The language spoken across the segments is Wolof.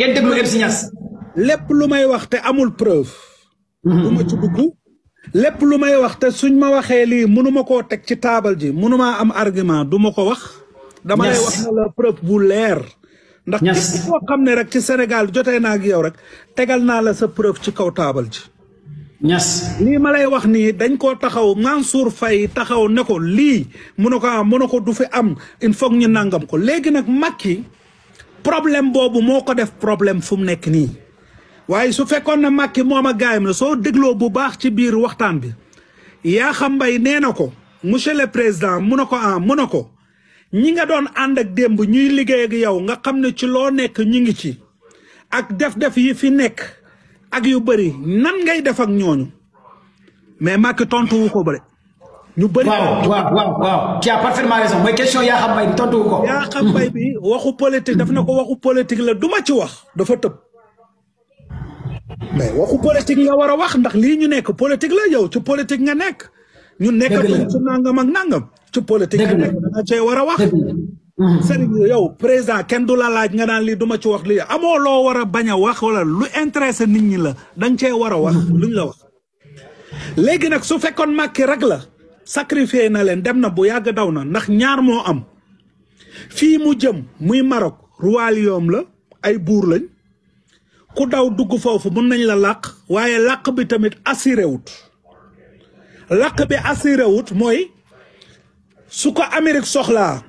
ngeen déglu MC lépp lu may wax te amul preuve. Mhm. du ma ci dugg. lépp lu may wax te suñ ma waxee lii mënuma koo teg ci taabal ji mënumaa am argument du ma ko wax. dama lay wax na la preuve bu leer. ndax képp koo xam ne rek ci Sénégal jotee naa ak yow rek tegal naa la sa preuve ci kaw taabal ji. ñas lii ma lay wax nii dañ koo taxaw Mansour Faye taxaw ne ko lii mun ko am mun ko du fi am il faut ñu nangam ko léegi nag Macky problème boobu moo ko def problème fu mu nekk nii waaye su fekkoon na Macky moom a gaayam ne soo dégloo bu baax ci biir waxtaan bi yaa Mbaye nee na ko monsieur le président mun na ko ah mun na ko ñi nga doon ànd ak démb ñuy liggéey ak yow nga xam ne ci loo nekk ñu ngi ci ak def-def yi fi nekk ak yu bëri nan ngay def ak ñooñu mais Macky tontu wu ko bëri ñu bëri. waaw waaw waaw tu as parfaitement raison mooy question yaa xam mbay bi tontu ko. yaa xam mbay bi waxu politique daf na ko waxu politique la du ma ci wax dafa tëb. mais waxu politique nga war a wax ndax lii ñu nekk politique la yow ci politique nga nekk. ñu nekk ci nangam ak nangam. ci politique nga nekk danga cee war a wax. Mm-hmm. Mm-hmm. sëriñ yow président kenn du la laaj nga naan lii du ma ci wax lii amoo loo war a bañ a wax wala lu intéressé nit ñi la danga cee war a wax mm-hmm. luñ la wax. léegi nag su fekkoon Macky rek la. sacrifié na leen dem na bu yàgg daw na ndax ñaar moo am fii mu jëm muy marok royaume la ay buur lañ ku daw dugg foofu mën nañ la làq waaye làq bi tamit assuré wut làq bi assuré wut mooy su ko Amérique soxlaa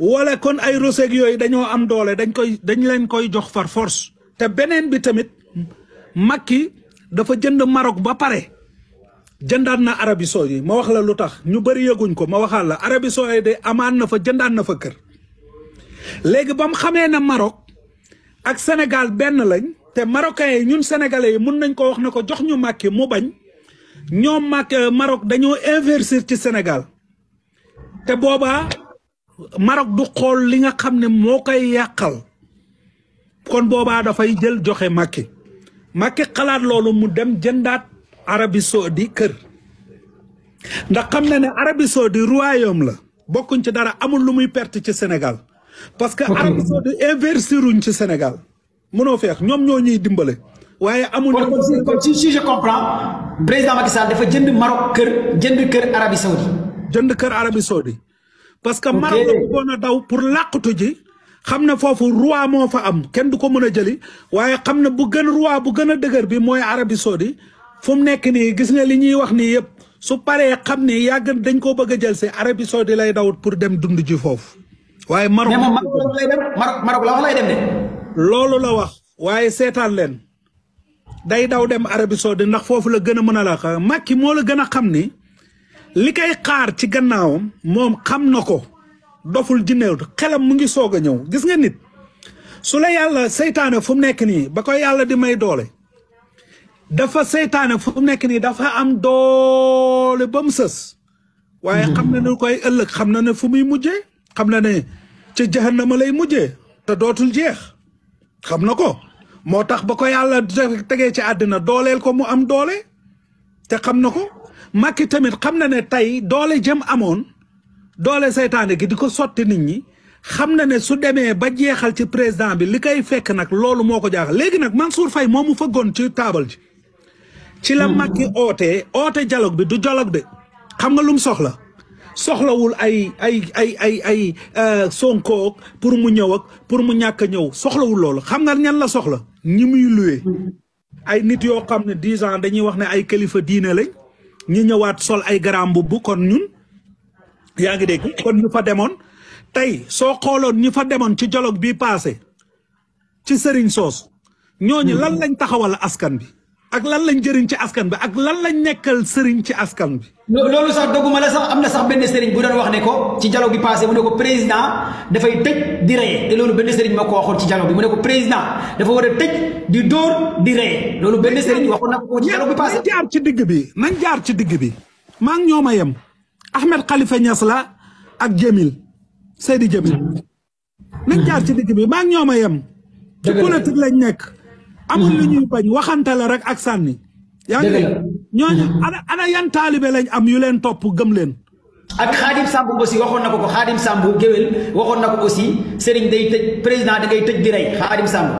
wala kon ay roseeg yooyu dañoo am doole dañ koy dañ leen koy jox far force te beneen bi tamit Macky dafa jënd Maroc ba pare jëndaat na Arabie yi ma wax la lu tax ñu bari yëguñ ko ma waxaat la Arabie Saoudite de amaan na fa jëndaat na fa kër léegi ba xamee na Maroc ak Sénégal benn lañ te marocains yi ñun sénégalais yi mun nañ ko wax ne ko jox ñu Macky mu bañ ñoom Macky Maroc dañoo investir ci Sénégal te boobaa Maroc du xool li nga xam ne moo koy yàqal kon boobaa dafay jël joxe Macky Macky xalaat loolu mu dem jëndaat arabi Saoudi kër ndax xam na ne Arabie Saoudi royaume la bokkuñ ci dara amul lu muy perte ci Sénégal parce que Arabie Saoudi investiruñ ci Sénégal mënoo feex ñoom ñoo ñuy dimbale waaye amul si si je comprends président Macky dafa jënd Maroc kër jënd kër Arabie Saoudi jënd kër Arabie Saoudi parce que Maroc la bëggoon daw pour làqatu ji xam na foofu roi moo fa am kenn du ko mën a jëli waaye xam na bu gën roi bu gën a dëgër bi mooy arabi Saoudi fu mu nekk nii gis nga li ñuy wax nii yëpp su paree xam ne yàgg dañ koo bëgg a jël si Arabie Saoudi lay dawut pour dem dund ji foofu. waaye Maroc lay dem la wax lay dem de. loolu la wax waaye seetaan leen day daw dem Arabie Saoudi ndax foofu la gën a mën a la xam Macky moo la gën a xam ni li kay xaar ci gannaawam moom xam na ko doful jinneew xelam mu ngi soog a ñëw gis nga nit su la yàlla seytaane fu mu nekk nii ba koy yàlla di may doole. dafa seytaane fu mu nekk nii dafa am doole ba mu sës waaye xam na ne koy ëllëg xam na ne fu muy mujje xam na ne ca jahannama lay mujje te dootul jeex xam na ko moo tax ba ko yàlla tegee ci àddina dooleel ko mu am doole te xam na ko Macky tamit xam na ne tey doole jëm amoon doole seytaane gi di ko sotti nit ñi xam na ne su demee ba jeexal ci président bi li koy fekk nag loolu moo ko jaaxal léegi nag Mansour moo mu fëggoon ci taabal ji ci la Macky ootee oote jaloog bi du jaloog de xam nga lum soxla soxlawul ay ay ay ay ay euh, Sonko pour mu ñëw ak pour mu ñàkk a ñëw soxlawul loolu xam nga ñan la soxla ñi muy luwee ay nit yoo xam ne dix ans dañuy wax ne ay kilifa diine lañ ñu ñëwaat sol ay garaam bu kon ñun yaa ngi dégg kon ñu fa demoon tey soo xooloon ñu fa demoon ci jaloog bi passé ci sëriñ soos ñooñu lan lañ taxawal askan bi ak lan lañ jëriñ ci askan bi ak lan lañ nekkal sëriñ ci askan bi. loolu sax doguma la sax am na sax benn sëriñ bu doon wax ne ko ci dialogue bi passé mu ne ko président dafay tëj di reye te loolu benn sëriñ moo ko waxoon ci dialogue bi mu ne ko président dafa war a tëj di dóor di reye loolu benn sëriñ waxoon na ko ci dialogue bi passé. nañ jaar ci digg bi nañ jaar ci digg bi maa ngi ñoom a yem Ahmed Khalifa Niass la ak Jamil Seydi Jamil nañ jaar ci digg bi maa ngi ñoom yem. ci politique lañ nekk. amul lu mm-hmm. ñuy bañ waxante la rek ak sànni. yaa ngi ñooñu mm-hmm. ana ana yan taalibe lañ am yu leen topp gëm leen. ak Xaadim Samb aussi waxoon na ko ko Xaadim Samb géwél waxoon na ko aussi Serigne day tëj président da ngay tëj di rey Xaadim Samb.